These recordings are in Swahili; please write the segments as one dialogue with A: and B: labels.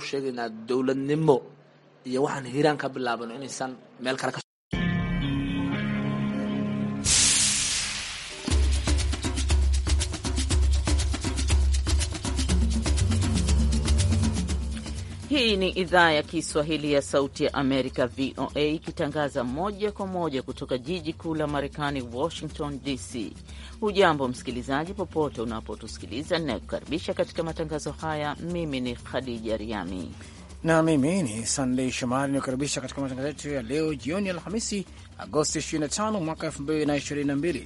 A: usheegaynaa dowladnimo iyo waxaan hiiraan ka bilaabano inaysan meel kale ka
B: Hii ni idhaa ya Kiswahili ya Sauti ya Amerika, VOA, ikitangaza moja kwa moja kutoka jiji kuu la Marekani, Washington DC. Hujambo msikilizaji, popote unapotusikiliza. Ninayekukaribisha katika matangazo haya, mimi ni Khadija Riami
C: na mimi ni Sandei Shomari, inayokaribisha katika matangazo yetu ya leo jioni, Alhamisi Agosti 25 mwaka 2022.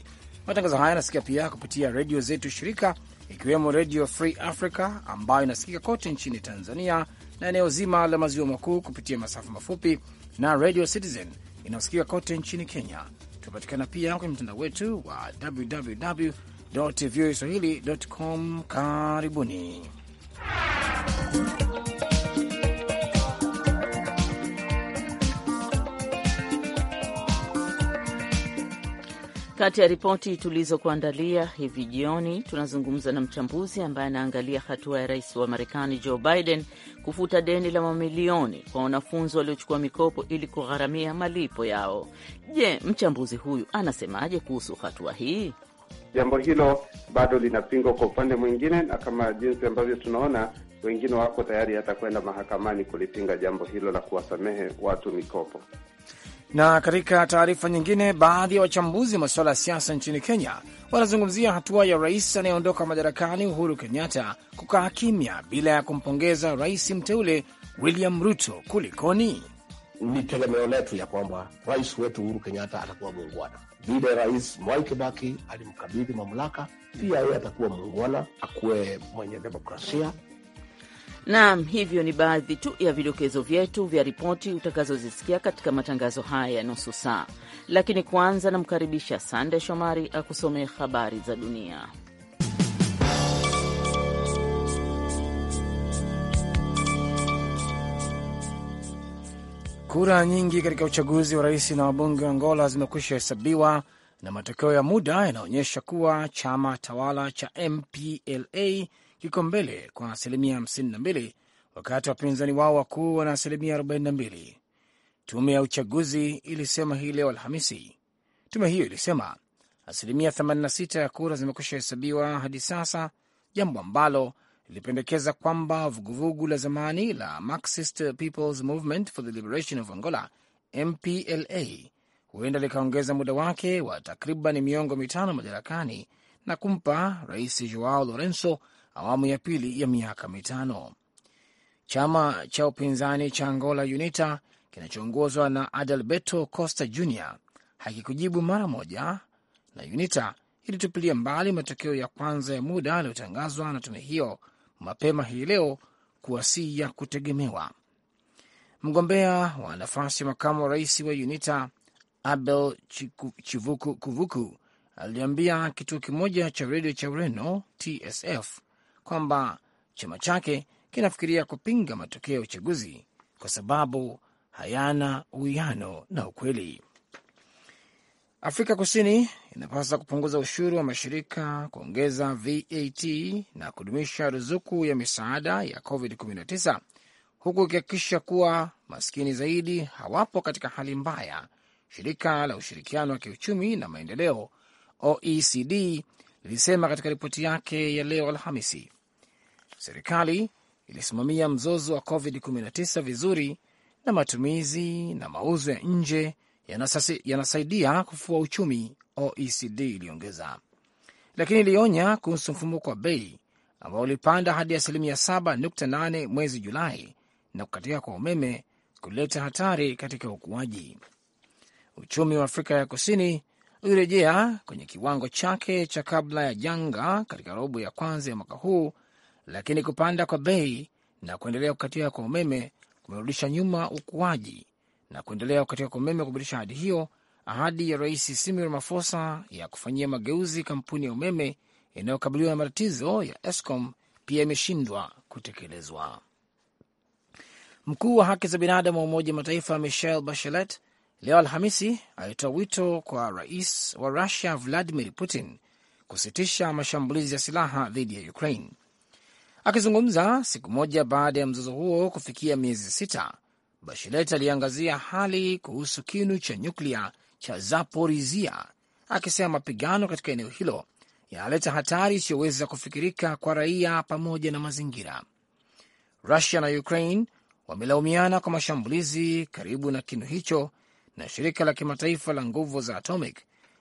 C: Matangazo haya yanasikia pia kupitia redio zetu shirika, ikiwemo Redio Free Africa ambayo inasikika kote nchini Tanzania na eneo zima la maziwa makuu kupitia masafa mafupi na Radio Citizen inayosikika kote nchini Kenya. Tunapatikana pia kwenye mtandao wetu wa www voa swahili com. Karibuni.
B: Kati ya ripoti tulizokuandalia hivi jioni, tunazungumza na mchambuzi ambaye anaangalia hatua ya rais wa Marekani Joe Biden kufuta deni la mamilioni kwa wanafunzi waliochukua mikopo ili kugharamia malipo yao. Je, mchambuzi huyu anasemaje kuhusu hatua hii?
D: Jambo hilo bado linapingwa kwa upande mwingine, na kama jinsi ambavyo tunaona wengine wako tayari hata kwenda mahakamani kulipinga jambo hilo la kuwasamehe watu mikopo.
C: Na katika taarifa nyingine, baadhi ya wachambuzi wa masuala ya siasa nchini Kenya wanazungumzia hatua ya rais anayeondoka madarakani Uhuru Kenyatta kukaa kimya bila ya kumpongeza rais mteule William Ruto. Kulikoni? Ni tegemeo letu ya kwamba
E: rais wetu Uhuru Kenyatta atakuwa muungwana vile Rais Mwai Kibaki alimkabidhi mamlaka, pia yeye atakuwa muungwana, akuwe mwenye demokrasia
B: Naam, hivyo ni baadhi tu ya vidokezo vyetu vya ripoti utakazozisikia katika matangazo haya ya nusu saa, lakini kwanza namkaribisha Sande Shomari akusomee habari za dunia.
C: Kura nyingi katika uchaguzi wa rais na wabunge wa Angola zimekwisha hesabiwa na matokeo ya muda yanaonyesha kuwa chama tawala cha MPLA kiko mbele kwa asilimia 52 wakati wapinzani wao wakuu wana asilimia 42. Tume ya uchaguzi ilisema hii leo Alhamisi. Tume hiyo ilisema asilimia 86 ya kura zimekwisha hesabiwa hadi sasa, jambo ambalo lilipendekeza kwamba vuguvugu la zamani la Marxist People's Movement for the Liberation of Angola, MPLA, huenda likaongeza muda wake wa takriban miongo mitano madarakani na kumpa rais Joao Lorenzo awamu ya pili ya miaka mitano. Chama cha upinzani cha Angola UNITA kinachoongozwa na Adalberto Costa Jr hakikujibu mara moja, na UNITA ilitupilia mbali matokeo ya kwanza ya muda yaliyotangazwa na tume hiyo mapema hii leo kuwa si ya kutegemewa. Mgombea wa nafasi ya makamu wa rais wa UNITA Abel Chivuku Kuvuku aliambia kituo kimoja cha redio cha Ureno TSF kwamba chama chake kinafikiria kupinga matokeo ya uchaguzi kwa sababu hayana uwiano na ukweli. Afrika Kusini inapaswa kupunguza ushuru wa mashirika, kuongeza VAT na kudumisha ruzuku ya misaada ya COVID-19 huku ikihakikisha kuwa maskini zaidi hawapo katika hali mbaya. Shirika la ushirikiano wa kiuchumi na maendeleo OECD lilisema katika ripoti yake ya leo Alhamisi Serikali ilisimamia mzozo wa COVID-19 vizuri na matumizi na mauzo ya nje yanasaidia kufua uchumi, OECD iliongeza, lakini ilionya kuhusu mfumuko wa bei ambao ulipanda hadi asilimia 7.8 mwezi Julai na kukatika kwa umeme kuleta hatari katika ukuaji. Uchumi wa Afrika ya Kusini ulirejea kwenye kiwango chake cha kabla ya janga katika robo ya kwanza ya mwaka huu lakini kupanda kwa bei na kuendelea kukatika kwa umeme kumerudisha nyuma ukuaji na kuendelea kukatika kwa umeme kurudisha ahadi hiyo, ahadi ya Rais Cyril Ramaphosa ya kufanyia mageuzi kampuni ya umeme inayokabiliwa na matatizo ya Eskom pia imeshindwa kutekelezwa. Mkuu wa haki za binadamu wa Umoja Mataifa Michelle Bachelet leo Alhamisi alitoa wito kwa rais wa Rusia Vladimir Putin kusitisha mashambulizi ya silaha dhidi ya Ukraine. Akizungumza siku moja baada ya mzozo huo kufikia miezi sita, bashilet aliangazia hali kuhusu kinu cha nyuklia cha Zaporizia, akisema mapigano katika eneo hilo yanaleta hatari isiyoweza kufikirika kwa raia pamoja na mazingira. Rusia na Ukraine wamelaumiana kwa mashambulizi karibu na kinu hicho, na shirika la kimataifa la nguvu za atomic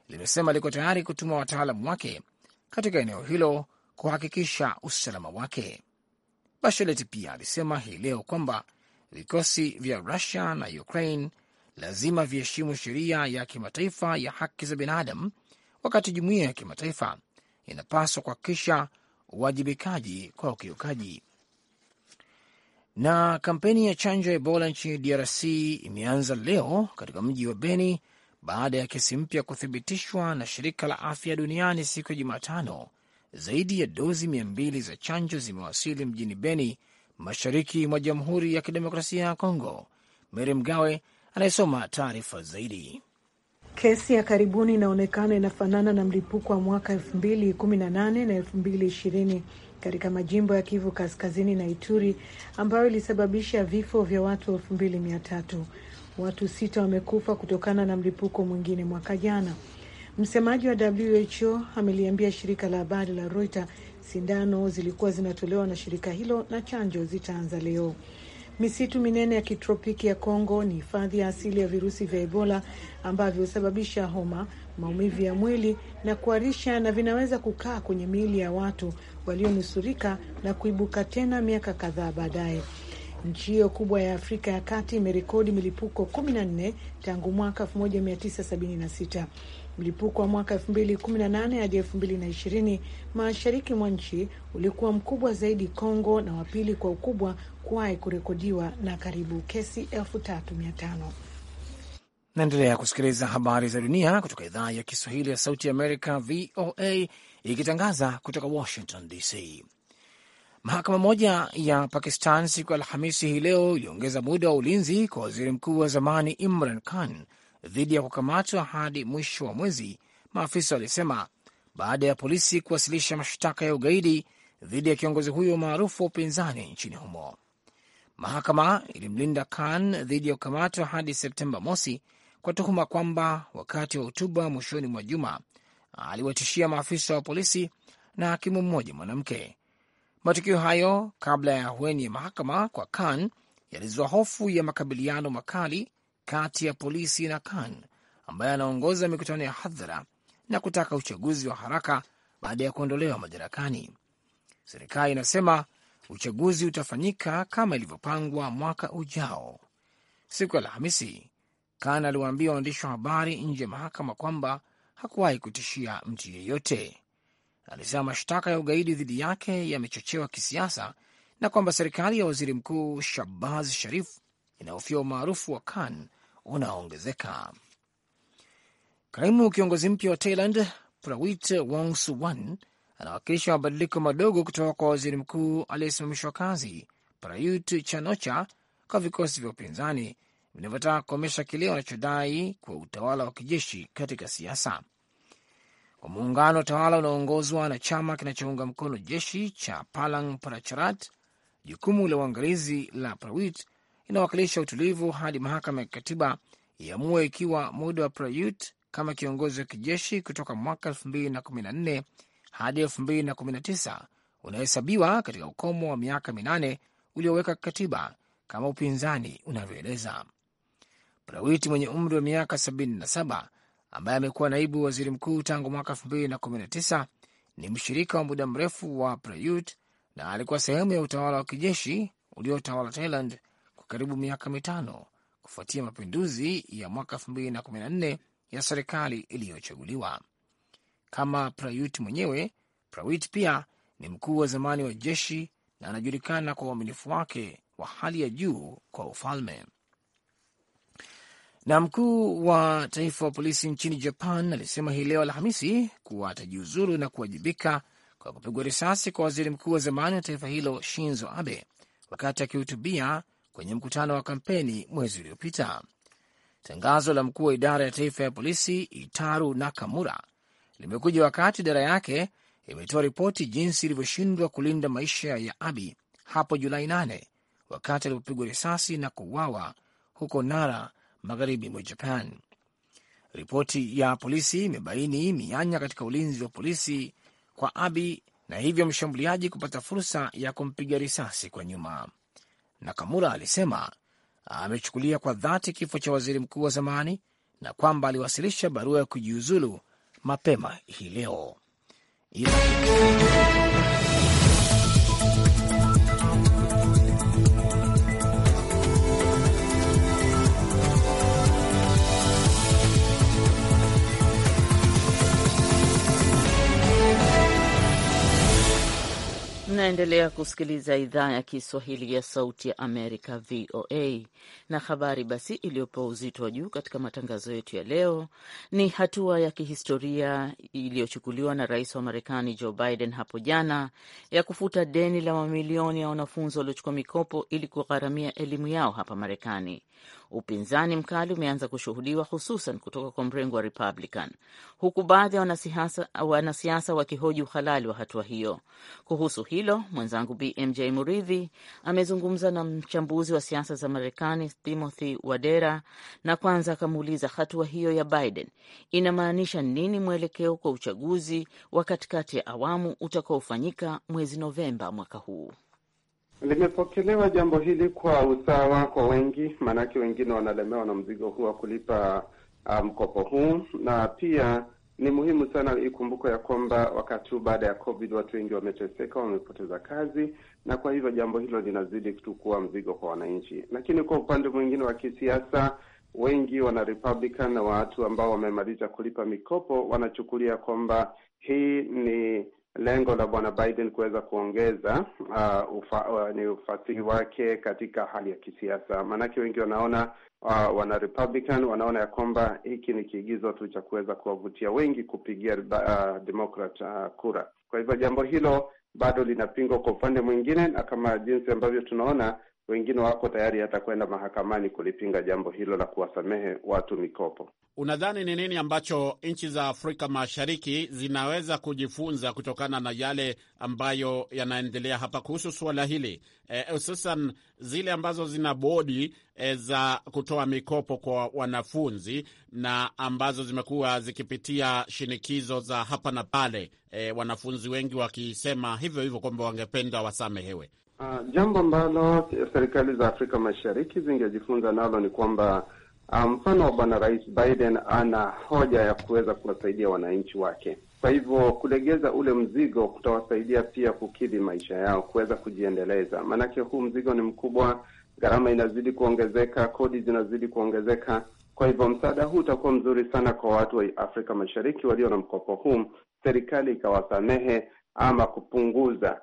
C: limesema liko tayari kutuma wataalamu wake katika eneo hilo kuhakikisha usalama wake. Bachelet pia alisema hii leo kwamba vikosi vya Rusia na Ukraine lazima viheshimu sheria ya kimataifa ya haki za binadamu, wakati jumuiya ya kimataifa inapaswa kuhakikisha uwajibikaji kwa ukiukaji. Na kampeni ya chanjo ya Ebola nchini DRC imeanza leo katika mji wa Beni baada ya kesi mpya kuthibitishwa na shirika la afya duniani siku ya Jumatano zaidi ya dozi mia mbili za chanjo zimewasili mjini Beni, mashariki mwa Jamhuri ya Kidemokrasia ya Kongo. mery Mgawe anayesoma taarifa zaidi.
F: Kesi ya karibuni inaonekana inafanana na mlipuko wa mwaka kumi na ishirini katika majimbo ya Kivu Kaskazini na Ituri ambayo ilisababisha vifo vya watu tatu. Watu sita wamekufa kutokana na mlipuko mwingine mwaka jana. Msemaji wa WHO ameliambia shirika la habari la Reuters sindano zilikuwa zinatolewa na shirika hilo na chanjo zitaanza leo. Misitu minene ya kitropiki ya Kongo ni hifadhi ya asili ya virusi vya Ebola ambavyo husababisha homa, maumivu ya mwili na kuharisha, na vinaweza kukaa kwenye miili ya watu walionusurika na kuibuka tena miaka kadhaa baadaye. Nchi hiyo kubwa ya Afrika ya Kati imerekodi milipuko 14 tangu mwaka 1976. Mlipuko wa mwaka 2018 hadi 2020 mashariki mwa nchi ulikuwa mkubwa zaidi Kongo na wa pili kwa ukubwa kuwahi kurekodiwa na karibu kesi 3500.
C: Naendelea kusikiliza habari za dunia kutoka idhaa ya Kiswahili ya Sauti ya Amerika, VOA, ikitangaza kutoka Washington DC. Mahakama moja ya Pakistan siku ya Alhamisi hii leo iliongeza muda wa ulinzi kwa waziri mkuu wa zamani Imran Khan dhidi ya kukamatwa hadi mwisho wa mwezi, maafisa walisema baada ya polisi kuwasilisha mashtaka ya ugaidi dhidi ya kiongozi huyo maarufu wa upinzani nchini humo. Mahakama ilimlinda Khan dhidi ya kukamatwa hadi Septemba mosi kwa tuhuma kwamba wakati wa hotuba mwishoni mwa juma aliwatishia maafisa wa polisi na hakimu mmoja mwanamke. Matukio hayo kabla ya hueni ya mahakama kwa Khan yalizua hofu ya makabiliano makali kati ya polisi na Khan ambaye anaongoza mikutano ya hadhara na kutaka uchaguzi wa haraka baada ya kuondolewa madarakani. Serikali inasema uchaguzi utafanyika kama ilivyopangwa mwaka ujao. Siku ya Alhamisi, Khan aliwaambia waandishi wa habari nje ya mahakama kwamba hakuwahi kutishia mtu yeyote. Alisema mashtaka ya ugaidi dhidi yake yamechochewa kisiasa na kwamba serikali ya waziri mkuu Shabaz Sharif inahofia umaarufu wa Khan unaoongezeka. Kaimu kiongozi mpya wa Thailand Prawit Wongsuwan anawakilisha mabadiliko madogo kutoka kwa waziri mkuu aliyesimamishwa kazi Prayut Chanocha kwa vikosi vya upinzani vinavyotaka kukomesha kile wanachodai kwa utawala wa kijeshi katika siasa kwa muungano tawala unaoongozwa na chama kinachounga mkono jeshi cha Palang Pracharat. Jukumu la uangalizi la Prawit inawakilisha utulivu hadi mahakama ya kikatiba iamue ikiwa muda wa Prayut kama kiongozi wa kijeshi kutoka mwaka 2014 hadi 2019 unahesabiwa katika ukomo wa miaka minane ulioweka kikatiba, kama upinzani unavyoeleza. Prawiti mwenye umri wa miaka 77 ambaye amekuwa naibu waziri mkuu tangu mwaka 2019 ni mshirika wa muda mrefu wa Prayut na alikuwa sehemu ya utawala wa kijeshi uliotawala Thailand karibu miaka mitano kufuatia mapinduzi ya mwaka 2014 ya serikali iliyochaguliwa. Kama Prayut mwenyewe, Prawit pia ni mkuu wa zamani wa jeshi na anajulikana kwa uaminifu wake wa hali ya juu kwa ufalme. Na mkuu wa taifa wa polisi nchini Japan alisema hii leo Alhamisi kuwa atajiuzuru na kuwajibika kwa kupigwa risasi kwa waziri mkuu wa zamani wa taifa hilo Shinzo Abe wakati akihutubia kwenye mkutano wa kampeni mwezi uliopita. Tangazo la mkuu wa idara ya taifa ya polisi Itaru Nakamura limekuja wakati idara yake imetoa ripoti jinsi ilivyoshindwa kulinda maisha ya Abi hapo Julai 8 wakati alipopigwa risasi na kuuawa huko Nara, magharibi mwa Japan. Ripoti ya polisi imebaini mianya katika ulinzi wa polisi kwa Abi na hivyo mshambuliaji kupata fursa ya kumpiga risasi kwa nyuma. Nakamura alisema amechukulia kwa dhati kifo cha waziri mkuu wa zamani na kwamba aliwasilisha barua ya kujiuzulu mapema hii leo.
B: Mnaendelea kusikiliza idhaa ya Kiswahili ya Sauti ya Amerika, VOA. Na habari basi iliyopewa uzito wa juu katika matangazo yetu ya leo ni hatua ya kihistoria iliyochukuliwa na rais wa Marekani Joe Biden hapo jana ya kufuta deni la mamilioni ya wanafunzi waliochukua mikopo ili kugharamia elimu yao hapa Marekani upinzani mkali umeanza kushuhudiwa hususan kutoka kwa mrengo wa Republican, huku baadhi ya wanasiasa, wanasiasa wakihoji uhalali wa hatua hiyo. Kuhusu hilo, mwenzangu BMJ Muridhi amezungumza na mchambuzi wa siasa za Marekani Timothy Wadera, na kwanza akamuuliza hatua hiyo ya Biden inamaanisha nini mwelekeo kwa uchaguzi wa katikati ya awamu utakaofanyika mwezi Novemba mwaka huu.
D: Limepokelewa jambo hili kwa usawa kwa wengi, maanake wengine wanalemewa na mzigo huu wa kulipa ah, mkopo um, huu na pia ni muhimu sana ikumbuko ya kwamba wakati huu baada ya COVID watu wengi wameteseka, wamepoteza kazi, na kwa hivyo jambo hilo linazidi kuwa mzigo kwa wananchi. Lakini kwa upande mwingine wa kisiasa, wengi wana Republican na watu ambao wamemaliza kulipa mikopo wanachukulia kwamba hii ni lengo la bwana Biden kuweza kuongeza uh, ufa, uh, ni ufasihi wake katika hali ya kisiasa. Maanake wengi wanaona uh, wana Republican wanaona ya kwamba hiki ni kiigizo tu cha kuweza kuwavutia wengi kupigia uh, Democrat uh, kura. Kwa hivyo jambo hilo bado linapingwa kwa upande mwingine, na kama jinsi ambavyo tunaona wengine wako tayari hata kwenda mahakamani kulipinga jambo hilo la kuwasamehe watu mikopo.
G: Unadhani ni nini ambacho nchi za Afrika Mashariki zinaweza kujifunza kutokana na yale ambayo yanaendelea hapa kuhusu suala hili eh, hususan, e, zile ambazo zina bodi e, za kutoa mikopo kwa wanafunzi na ambazo zimekuwa zikipitia shinikizo za hapa na pale, e, wanafunzi wengi wakisema hivyo hivyo kwamba wangependa wasamehewe.
D: Uh, jambo ambalo serikali za Afrika Mashariki zingejifunza nalo ni kwamba ah, mfano um, wa bwana Rais Biden ana hoja ya kuweza kuwasaidia wananchi wake. Kwa hivyo kulegeza ule mzigo kutawasaidia pia kukidhi maisha yao, kuweza kujiendeleza, maanake huu mzigo ni mkubwa, gharama inazidi kuongezeka, kodi zinazidi kuongezeka. Kwa hivyo msaada huu utakuwa mzuri sana kwa watu wa Afrika Mashariki walio na mkopo huu, serikali ikawasamehe ama kupunguza,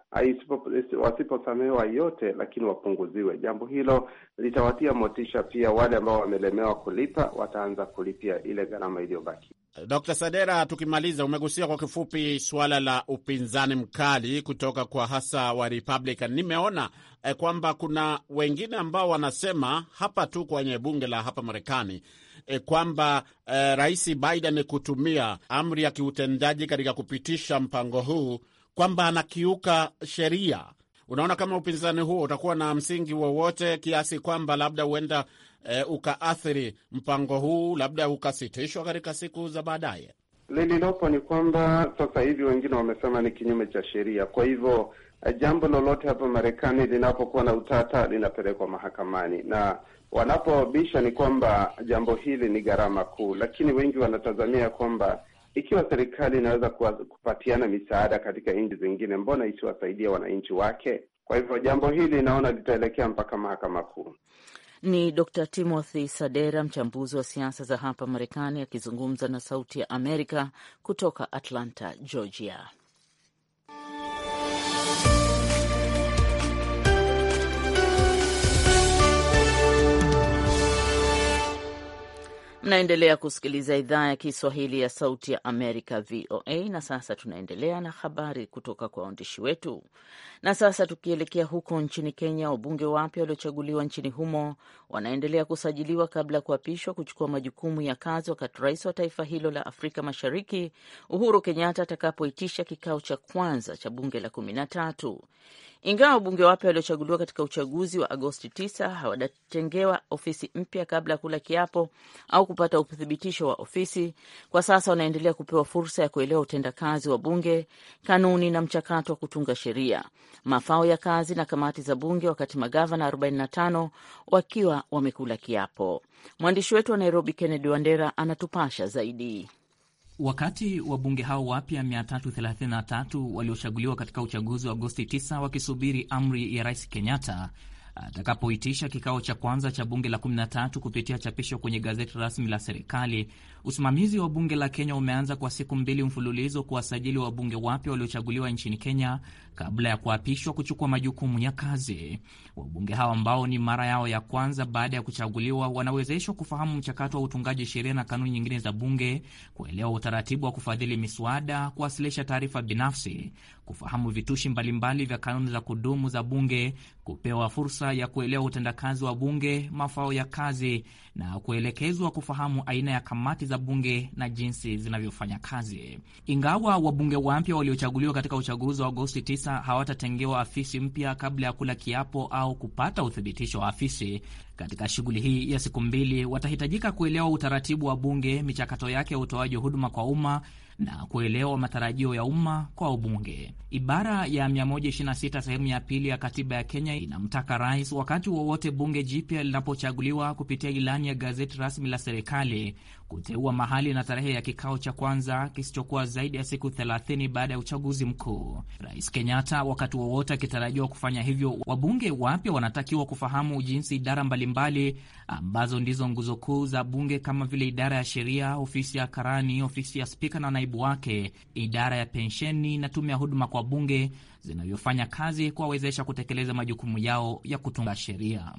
D: wasiposamehewa yote, lakini wapunguziwe. Jambo hilo litawatia motisha pia, wale ambao wamelemewa kulipa wataanza kulipia ile gharama
G: iliyobaki. Dr. Sadera, tukimaliza, umegusia kwa kifupi suala la upinzani mkali kutoka kwa hasa wa Republican. Nimeona eh, kwamba kuna wengine ambao wanasema hapa tu kwenye bunge la hapa Marekani eh, kwamba eh, Rais Biden kutumia amri ya kiutendaji katika kupitisha mpango huu kwamba anakiuka sheria. Unaona kama upinzani huo utakuwa na msingi wowote kiasi kwamba labda huenda e, ukaathiri mpango huu, labda ukasitishwa katika siku za baadaye?
D: Lililopo ni kwamba sasa hivi wengine wamesema ni kinyume cha sheria. Kwa hivyo eh, jambo lolote hapa Marekani linapokuwa na utata linapelekwa mahakamani, na wanapobisha ni kwamba jambo hili ni gharama kuu, lakini wengi wanatazamia kwamba ikiwa serikali inaweza kupatiana misaada katika nchi zingine, mbona isiwasaidia wananchi wake? Kwa hivyo jambo hili naona litaelekea mpaka mahakama kuu.
B: Ni Dr Timothy Sadera, mchambuzi wa siasa za hapa Marekani, akizungumza na Sauti ya Amerika kutoka Atlanta, Georgia. Mnaendelea kusikiliza idhaa ya Kiswahili ya Sauti ya Amerika, VOA. Na sasa tunaendelea na habari kutoka kwa waandishi wetu. Na sasa tukielekea huko nchini Kenya, wabunge wapya waliochaguliwa nchini humo wanaendelea kusajiliwa kabla ya kuapishwa kuchukua majukumu ya kazi, wakati rais wa taifa hilo la Afrika Mashariki Uhuru Kenyatta atakapoitisha kikao cha kwanza cha bunge la kumi na tatu. Ingawa wabunge wapya waliochaguliwa katika uchaguzi wa Agosti 9 hawajatengewa ofisi mpya kabla ya kula kiapo au kupata uthibitisho wa ofisi, kwa sasa wanaendelea kupewa fursa ya kuelewa utendakazi wa bunge, kanuni na mchakato wa kutunga sheria, mafao ya kazi na kamati za bunge, wakati magavana 45 wakiwa wamekula kiapo. Mwandishi wetu wa Nairobi, Kennedy Wandera, anatupasha zaidi.
A: Wakati wabunge hao wapya 333 waliochaguliwa katika uchaguzi wa Agosti 9 wakisubiri amri ya rais Kenyatta atakapoitisha kikao cha kwanza cha bunge la 13 kupitia chapisho kwenye gazeti rasmi la serikali. Usimamizi wa bunge la Kenya umeanza kwa siku mbili mfululizo kuwasajili wabunge wapya waliochaguliwa nchini Kenya kabla ya kuapishwa kuchukua majukumu ya kazi. Wabunge hao ambao ni mara yao ya kwanza baada ya kuchaguliwa, wanawezeshwa kufahamu mchakato wa utungaji sheria na kanuni nyingine za bunge, kuelewa utaratibu wa kufadhili miswada, kuwasilisha taarifa binafsi, kufahamu vitushi mbalimbali vya kanuni za kudumu za bunge, kupewa fursa ya kuelewa utendakazi wa bunge, mafao ya kazi na kuelekezwa kufahamu aina ya kamati za bunge na jinsi zinavyofanya kazi. Ingawa wabunge wapya waliochaguliwa katika uchaguzi wa Agosti 9 hawatatengewa afisi mpya kabla ya kula kiapo au kupata uthibitisho wa afisi, katika shughuli hii ya siku mbili watahitajika kuelewa utaratibu wa bunge, michakato yake ya utoaji huduma kwa umma na kuelewa matarajio ya umma kwa ubunge. Ibara ya 126 sehemu ya pili ya katiba ya Kenya inamtaka rais, wakati wowote bunge jipya linapochaguliwa, kupitia ilani ya gazeti rasmi la serikali kuteua mahali na tarehe ya kikao cha kwanza kisichokuwa zaidi ya siku 30 baada ya uchaguzi mkuu. Rais Kenyatta wakati wowote akitarajiwa kufanya hivyo. Wabunge wapya wanatakiwa kufahamu jinsi idara mbalimbali ambazo ndizo nguzo kuu za bunge kama vile idara ya sheria, ofisi ya karani, ofisi ya spika na naibu wake, idara ya pensheni na tume ya huduma kwa bunge zinavyofanya kazi kuwawezesha kutekeleza majukumu yao ya kutunga sheria.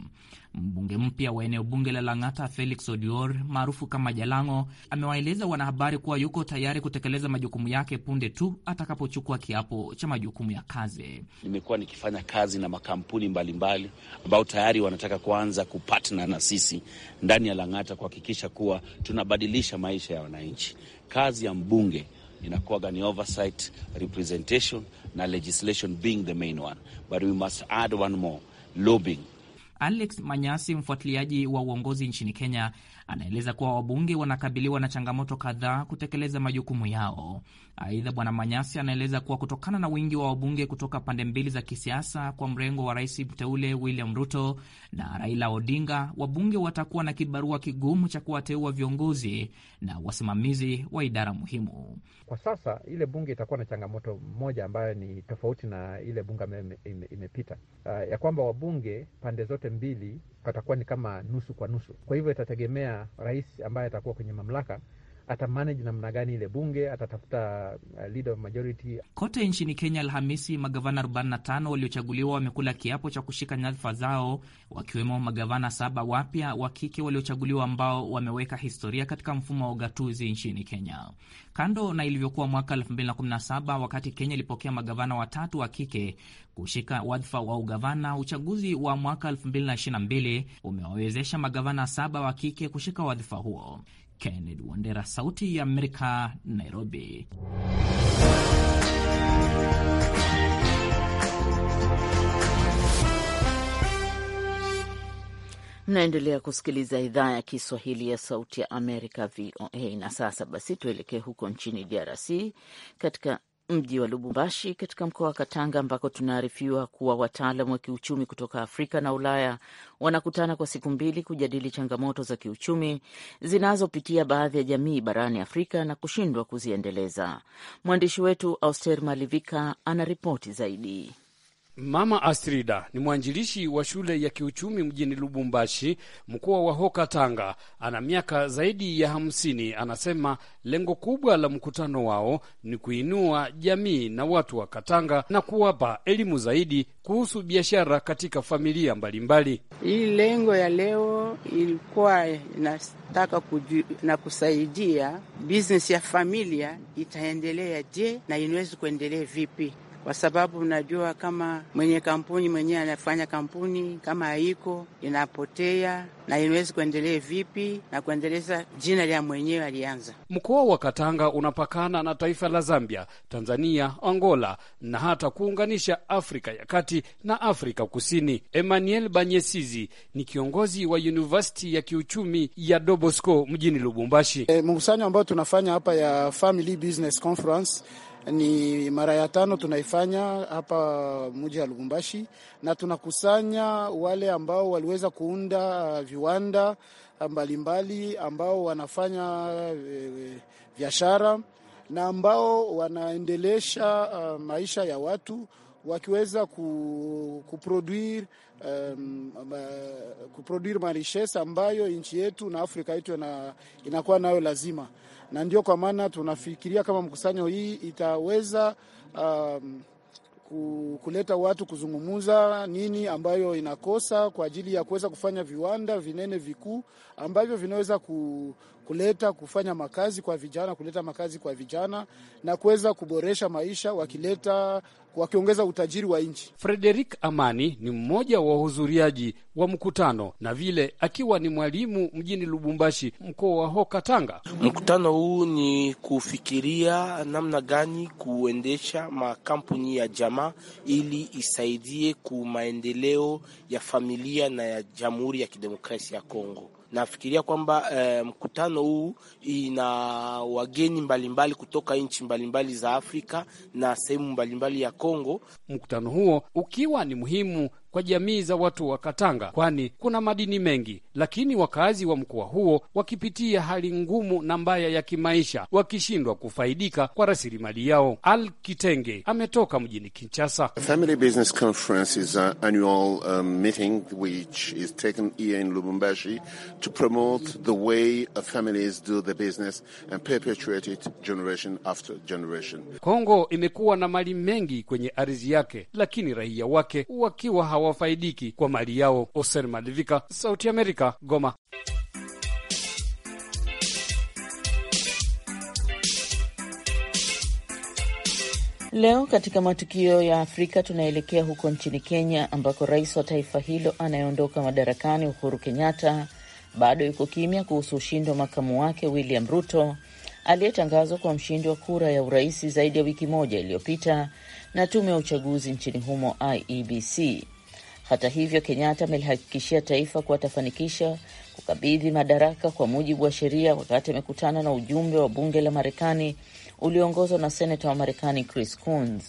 A: Mbunge mpya wa eneo bunge la Lang'ata Felix Odior maarufu kama Jalango Mang'o amewaeleza wanahabari kuwa yuko tayari kutekeleza majukumu yake punde tu atakapochukua kiapo cha majukumu ya kazi.
G: Nimekuwa nikifanya kazi na makampuni mbalimbali ambao tayari wanataka kuanza kupatna na sisi ndani ya Lang'ata kuhakikisha kuwa tunabadilisha maisha ya wananchi. Kazi ya mbunge inakuwaga ni oversight, representation na legislation being the main one, but we must add one more lobbying.
A: Alex Manyasi, mfuatiliaji wa uongozi nchini Kenya, anaeleza kuwa wabunge wanakabiliwa na changamoto kadhaa kutekeleza majukumu yao. Aidha, Bwana Manyasi anaeleza kuwa kutokana na wingi wa wabunge kutoka pande mbili za kisiasa kwa mrengo wa rais mteule William Ruto na Raila Odinga, wabunge watakuwa na kibarua kigumu cha kuwateua viongozi na wasimamizi wa idara muhimu.
E: Kwa sasa ile bunge itakuwa na changamoto moja ambayo ni tofauti na ile bunge ambayo imepita, uh, ya kwamba wabunge pande zote mbili watakuwa ni kama nusu kwa nusu. Kwa hivyo itategemea rais ambaye atakuwa kwenye mamlaka atamanage namna gani ile bunge, atatafuta uh, leader of majority.
A: Kote nchini Kenya Alhamisi, magavana 45 waliochaguliwa wamekula kiapo cha kushika nyadhifa zao, wakiwemo magavana saba wapya wa kike waliochaguliwa ambao wameweka historia katika mfumo wa ugatuzi nchini Kenya, kando na ilivyokuwa mwaka 2017 wakati Kenya ilipokea magavana watatu wa kike kushika wadhifa wa ugavana. Uchaguzi wa mwaka 2022 umewawezesha magavana saba wa kike kushika wadhifa huo. Kennedy Wandera, Sauti ya Amerika, Nairobi.
B: Mnaendelea kusikiliza idhaa ya Kiswahili ya Sauti ya Amerika, VOA. Na sasa basi tuelekee huko nchini DRC katika mji wa Lubumbashi katika mkoa wa Katanga, ambako tunaarifiwa kuwa wataalam wa kiuchumi kutoka Afrika na Ulaya wanakutana kwa siku mbili kujadili changamoto za kiuchumi zinazopitia baadhi ya jamii barani Afrika na kushindwa kuziendeleza. Mwandishi wetu Auster Malivika ana ripoti zaidi. Mama Astrida ni mwanjilishi wa shule ya kiuchumi mjini Lubumbashi,
H: mkoa wa Hoka Tanga. Ana miaka zaidi ya hamsini. Anasema lengo kubwa la mkutano wao ni kuinua jamii na watu wa Katanga na kuwapa elimu zaidi kuhusu biashara katika familia mbalimbali.
B: Hii lengo ya leo ilikuwa inataka na kusaidia business ya familia itaendelea je, na inawezi kuendelea vipi? kwa sababu unajua kama mwenye kampuni mwenyewe anafanya kampuni kama haiko inapotea na inawezi kuendelea vipi na kuendeleza jina la mwenyewe alianza. Mkoa
H: wa Katanga unapakana na taifa la Zambia, Tanzania, Angola na hata kuunganisha Afrika ya Kati na Afrika Kusini. Emmanuel Banyesizi ni kiongozi wa Yunivasiti ya Kiuchumi ya Dobosco mjini Lubumbashi. E, mkusanyo ambayo tunafanya hapa ya Family Business Conference ni mara ya tano tunaifanya hapa mji ya Lubumbashi, na tunakusanya wale ambao waliweza kuunda uh, viwanda uh, mbalimbali mbali, ambao wanafanya uh, biashara na ambao wanaendelesha maisha ya watu wakiweza kuproduire um, kuproduire marishesa ambayo nchi yetu na Afrika yetu inakuwa nayo lazima na ndio kwa maana tunafikiria kama mkusanyo hii itaweza um, kuleta watu kuzungumuza nini ambayo inakosa kwa ajili ya kuweza kufanya viwanda vinene vikuu ambavyo vinaweza ku, kuleta kufanya makazi kwa vijana, kuleta makazi kwa vijana na kuweza kuboresha maisha wakileta wakiongeza utajiri wa nchi. Frederik Amani ni mmoja wa wahudhuriaji wa mkutano na vile akiwa ni mwalimu mjini Lubumbashi, mkoa wa Hoka Tanga. Mkutano huu
E: ni kufikiria namna gani kuendesha makampuni ya jamaa ili isaidie ku maendeleo ya familia na ya Jamhuri ya Kidemokrasia ya Kongo nafikiria kwamba eh, mkutano huu ina
H: wageni mbalimbali kutoka nchi mbalimbali za Afrika na sehemu mbalimbali ya Kongo. Mkutano huo ukiwa ni muhimu kwa jamii za watu wa Katanga, kwani kuna madini mengi, lakini wakazi wa mkoa huo wakipitia hali ngumu na mbaya ya kimaisha, wakishindwa kufaidika kwa rasilimali yao. Al Kitenge ametoka mjini Kinshasa.
G: Family Business Conference is an annual um, meeting which is taken here in Lubumbashi to promote the way families do the business and perpetuate it generation after generation.
H: Kongo imekuwa na mali mengi kwenye ardhi yake, lakini raia wake wakiwa hawa hawafaidiki kwa mali yao. Oser Malivika, Sauti Amerika, Goma.
B: Leo katika matukio ya Afrika tunaelekea huko nchini Kenya ambako rais wa taifa hilo anayeondoka madarakani Uhuru Kenyatta bado yuko kimya kuhusu ushindi wa makamu wake William Ruto aliyetangazwa kwa mshindi wa kura ya urais zaidi ya wiki moja iliyopita na tume ya uchaguzi nchini humo IEBC. Hata hivyo, Kenyatta amelihakikishia taifa kuwa atafanikisha kukabidhi madaraka kwa mujibu wa sheria, wakati amekutana na ujumbe wa bunge la Marekani ulioongozwa na senata wa Marekani Chris Coons.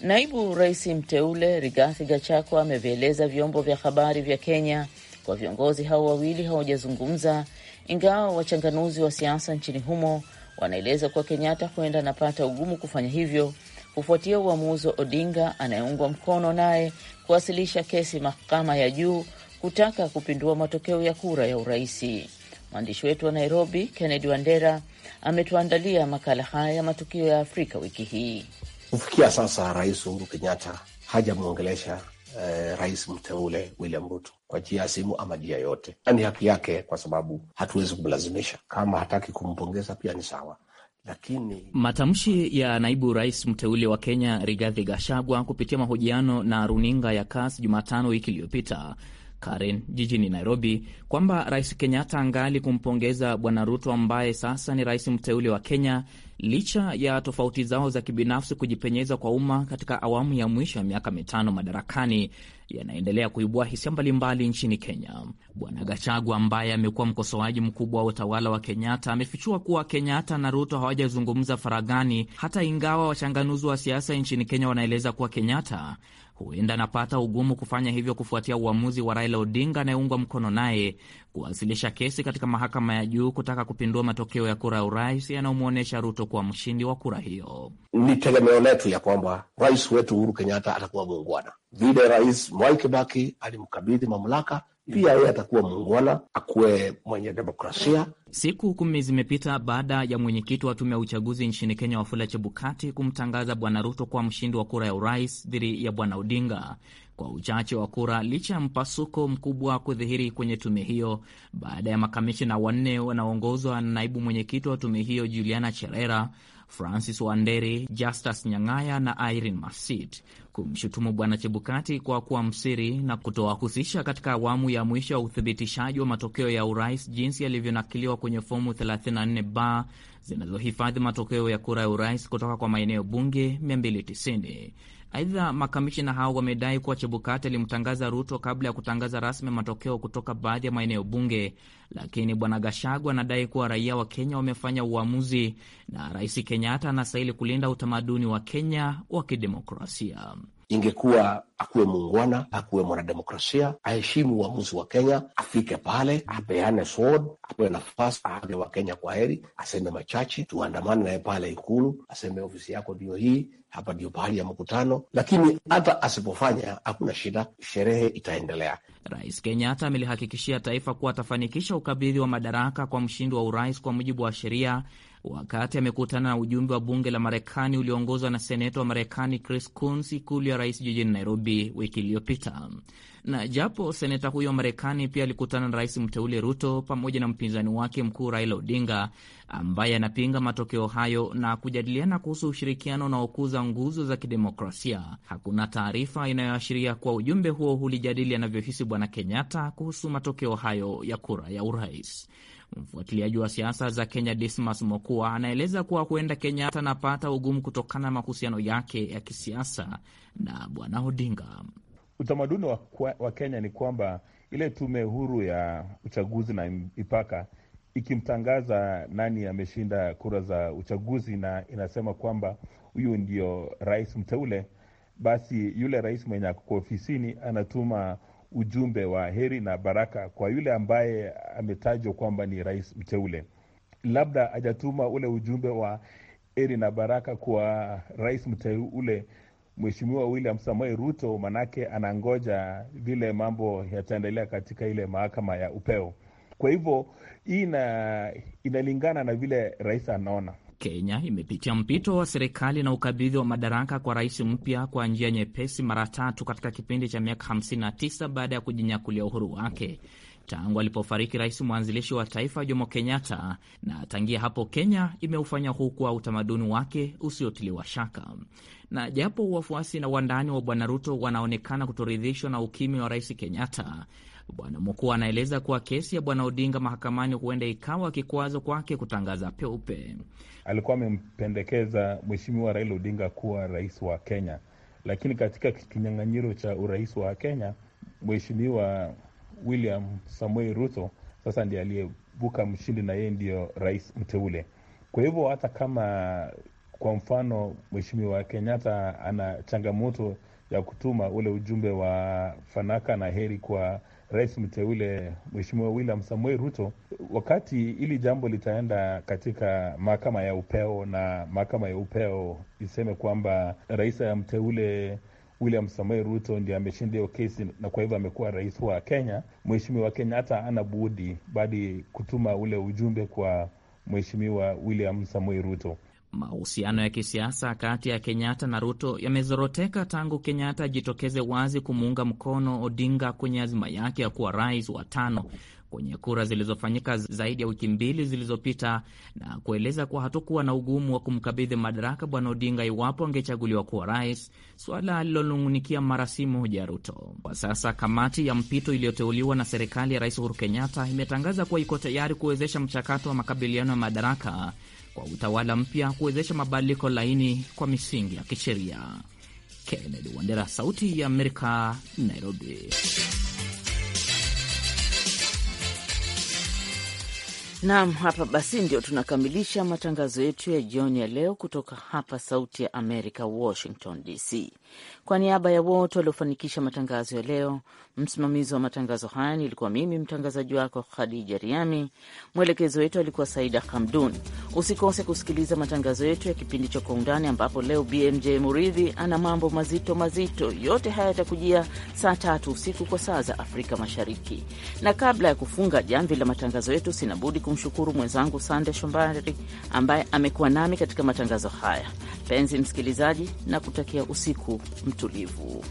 B: Naibu rais mteule Rigathi Gachagua amevieleza vyombo vya habari vya Kenya kwa viongozi hao wawili hawajazungumza, ingawa wachanganuzi wa siasa nchini humo wanaeleza kuwa Kenyatta huenda anapata ugumu kufanya hivyo kufuatia uamuzi wa Odinga anayeungwa mkono naye kuwasilisha kesi mahakama ya juu kutaka kupindua matokeo ya kura ya uraisi. Mwandishi wetu wa Nairobi, Kennedy Wandera, ametuandalia makala haya ya matukio ya Afrika wiki hii.
E: Kufikia sasa, Rais Uhuru Kenyatta hajamwongelesha eh, rais mteule William Ruto kwa njia ya simu ama njia yote, na ni haki yake, kwa sababu hatuwezi kumlazimisha. Kama hataki kumpongeza pia ni sawa, lakini
A: matamshi ya naibu rais mteule wa Kenya Rigathi Gachagua kupitia mahojiano na runinga ya KAS Jumatano wiki iliyopita Karen jijini Nairobi kwamba Rais Kenyatta angali kumpongeza Bwana Ruto ambaye sasa ni rais mteule wa Kenya licha ya tofauti zao za kibinafsi kujipenyeza kwa umma katika awamu ya mwisho ya miaka mitano madarakani yanaendelea kuibua hisia mbalimbali nchini Kenya. Bwana Gachagua ambaye amekuwa mkosoaji mkubwa wa utawala wa Kenyatta amefichua kuwa Kenyatta na Ruto hawajazungumza faragani, hata ingawa wachanganuzi wa siasa nchini Kenya wanaeleza kuwa Kenyatta huenda anapata ugumu kufanya hivyo kufuatia uamuzi wa Raila Odinga anayeungwa mkono naye kuwasilisha kesi katika mahakama ya juu kutaka kupindua matokeo ya kura ya urais yanayomwonyesha Ruto kuwa mshindi wa kura hiyo.
E: Ni tegemeo letu ya kwamba rais wetu Uhuru Kenyatta atakuwa muungwana, vile Rais Mwai Kibaki alimkabidhi mamlaka pia yeye atakuwa muungwana, akuwe mwenye demokrasia.
A: Siku kumi zimepita baada ya mwenyekiti wa tume ya uchaguzi nchini Kenya Wafula Chebukati kumtangaza bwana Ruto kuwa mshindi wa kura ya urais dhidi ya bwana Odinga kwa uchache wa kura, licha ya mpasuko mkubwa kudhihiri kwenye tume hiyo baada ya makamishina wanne wanaoongozwa na naibu mwenyekiti wa tume hiyo Juliana Cherera Francis Wanderi, Justus Nyang'aya na Irene Masit kumshutumu Bwana Chebukati kwa kuwa msiri na kutowahusisha katika awamu ya mwisho ya uthibitishaji wa matokeo ya urais jinsi yalivyonakiliwa kwenye fomu 34 ba zinazohifadhi matokeo ya kura ya urais kutoka kwa maeneo bunge 290. Aidha, makamishina hao wamedai kuwa Chebukati alimtangaza Ruto kabla ya kutangaza rasmi matokeo kutoka baadhi ya maeneo bunge, lakini bwana Gashagu anadai kuwa raia wa Kenya wamefanya uamuzi na Rais Kenyatta anastahili kulinda utamaduni wa Kenya wa kidemokrasia
E: ingekuwa akuwe muungwana, akuwe mwanademokrasia, aheshimu uamuzi wa Kenya, afike pale, apeane sword, apewe nafasi, aage wa Kenya kwa heri, aseme machache, tuandamane naye pale Ikulu, aseme ofisi yako ndio hii, hapa ndio pahali ya mkutano. Lakini hata asipofanya, hakuna shida, sherehe itaendelea.
A: Rais Kenyatta amelihakikishia taifa kuwa atafanikisha ukabidhi wa madaraka kwa mshindi wa urais kwa mujibu wa sheria wakati amekutana na ujumbe wa bunge la Marekani ulioongozwa na seneta wa Marekani Chris Coons ikulu ya rais jijini Nairobi wiki iliyopita. Na japo seneta huyo wa Marekani pia alikutana na rais mteule Ruto pamoja na mpinzani wake mkuu Raila Odinga ambaye anapinga matokeo hayo na kujadiliana kuhusu ushirikiano unaokuza nguzo za kidemokrasia, hakuna taarifa inayoashiria kuwa ujumbe huo ulijadili anavyohisi Bwana Kenyatta kuhusu matokeo hayo ya kura ya urais. Mfuatiliaji wa siasa za Kenya Dismas Mokua anaeleza kuwa huenda Kenyatta anapata ugumu kutokana na mahusiano yake ya kisiasa na bwana Odinga.
I: Utamaduni wa, wa Kenya ni kwamba ile tume huru ya uchaguzi na mipaka ikimtangaza nani ameshinda kura za uchaguzi na inasema kwamba huyu ndio rais mteule, basi yule rais mwenye ako ofisini anatuma ujumbe wa heri na baraka kwa yule ambaye ametajwa kwamba ni rais mteule. Labda hajatuma ule ujumbe wa heri na baraka kwa rais mteule Mheshimiwa William Samoei Ruto, manake anangoja vile mambo yataendelea katika ile mahakama ya upeo. Kwa hivyo hii inalingana na vile rais anaona.
A: Kenya imepitia mpito wa serikali na ukabidhi wa madaraka kwa rais mpya kwa njia nyepesi mara tatu katika kipindi cha miaka 59 baada ya kujinyakulia uhuru wake tangu alipofariki rais mwanzilishi wa taifa Jomo Kenyatta, na tangia hapo Kenya imeufanya huu kuwa utamaduni wake usiotiliwa shaka. Na japo wafuasi na wandani wa Bwana Ruto wanaonekana kutoridhishwa na ukimya wa rais Kenyatta, Bwana Mkuu anaeleza kuwa kesi ya Bwana Odinga mahakamani huenda ikawa kikwazo kwake kutangaza peupe.
I: Alikuwa amempendekeza Mheshimiwa Raila Odinga kuwa rais wa Kenya, lakini katika kinyang'anyiro cha urais wa Kenya Mheshimiwa William Samuel Ruto sasa ndiye aliyebuka mshindi na yeye ndiyo rais mteule. Kwa hivyo hata kama kwa mfano Mheshimiwa Kenyatta ana changamoto ya kutuma ule ujumbe wa fanaka na heri kwa rais mteule Mheshimiwa William Samuel Ruto, wakati hili jambo litaenda katika mahakama ya upeo na mahakama ya upeo iseme kwamba rais ya mteule William Samoei Ruto ndio ameshinda hiyo kesi, na kwa hivyo amekuwa rais wa Kenya. Mheshimiwa Kenya hata ana budi bali kutuma ule ujumbe kwa Mheshimiwa William Samoei
A: Ruto. Mahusiano ya kisiasa kati ya Kenyatta na Ruto yamezoroteka tangu Kenyatta ajitokeze wazi kumuunga mkono Odinga kwenye azima yake ya kuwa rais wa tano kwenye kura zilizofanyika zaidi ya wiki mbili zilizopita na kueleza kuwa hatukuwa na ugumu wa kumkabidhi madaraka Bwana Odinga iwapo angechaguliwa kuwa rais, suala alilolung'unikia mara si moja Ruto. Kwa sasa kamati ya mpito iliyoteuliwa na serikali ya Rais Uhuru Kenyatta imetangaza kuwa iko tayari kuwezesha mchakato wa makabiliano ya madaraka kwa utawala mpya, kuwezesha mabadiliko laini kwa misingi ya kisheria. Kennedy Wandera,
B: Sauti ya Amerika, Nairobi. Naam, hapa basi ndio tunakamilisha matangazo yetu ya jioni ya leo kutoka hapa Sauti ya Amerika, Washington DC. Kwa niaba ya wote waliofanikisha matangazo ya leo, msimamizi wa matangazo haya nilikuwa mimi mtangazaji wako Khadija Riami, mwelekezo wetu alikuwa Saida Hamdun. Usikose kusikiliza matangazo yetu ya kipindi cha Kwa Undani, ambapo leo BMJ Muridhi ana mambo mazito mazito. Yote haya yatakujia saa tatu usiku kwa saa za Afrika Mashariki, na kabla ya kufunga jamvi la matangazo yetu, sinabudi kumshukuru mwenzangu Sande Shombari ambaye amekuwa nami katika matangazo haya. Mpenzi msikilizaji, na kutakia usiku mtulivu.